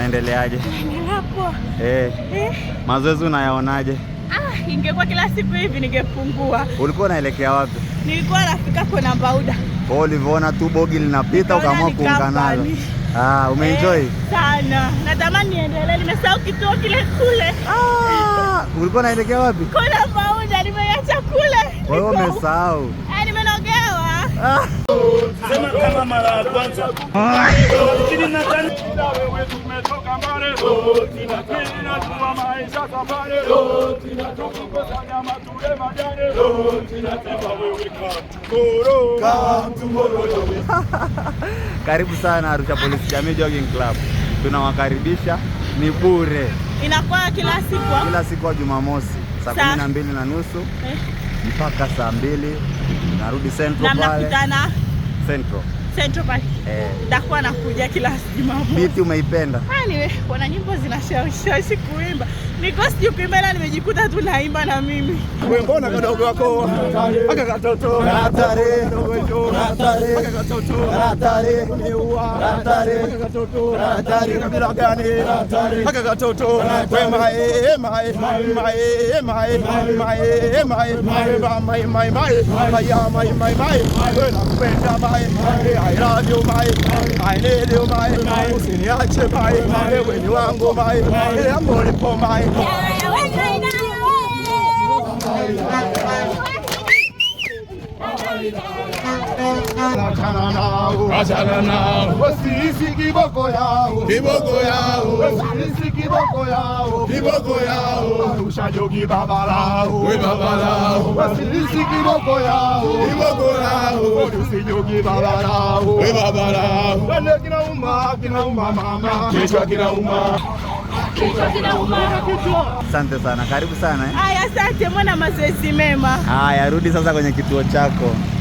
Naendeleaje? Eh. Eh. Mazoezi unayaonaje? Ah, ingekuwa kila siku hivi ningepungua. Ulikuwa unaelekea wapi? Nilikuwa nafika kona Bauda. Oh, ulivyoona tu bogi linapita ukaamua kuunga nalo. Ah, umeenjoy? Eh, sana. Natamani niendelee, nimesahau kituo kile kule. Ah, ulikuwa unaelekea wapi? Kona Bauda, nimeacha kule. Wewe umesahau. Eh, nimenogewa. Ah. Sema kama mara ya kwanza karibu sana Arusha Police Jamii Jogging Club, tunawakaribisha. Ni bure, inakuwa kila siku ah? kila siku ya Jumamosi saa kumi na mbili na nusu eh. mpaka saa mbili narudi Central pale. na mnakutana centro. Central Park ndakuwa eh, nakuja kila Jumamosi. Biti umeipenda? Anyway, kuna nyimbo zinashawishawishi kuimba, niko siju kuimba, nimejikuta tu naimba na mimi. Wewe mbona kadogo wako aka katoto hatari hatari aka katoto hatari niua hatari aka katoto hatari kabila gani hatari aka katoto wewe mae mae mae mae mae mae mae mae mae mae mae mae mae mae mae mae mae mae mae Hairani umae, Hainede umae, Usiniache mae, Wewe ni wangu mae, Ambonipo mae Wasisi kiboko yao, kiboko yao, wasisi kiboko yao, kiboko yao, Arusha Jogi baba lao, we baba lao, wasisi kiboko yao, kiboko yao, Arusha Jogi baba lao, we baba lao, kina uma, kina uma mama, kichwa kina uma kichwa kinauma. Asante sana, karibu sana eh. Haya, asante mwana, mazoezi mema. Haya, rudi sasa kwenye kituo chako.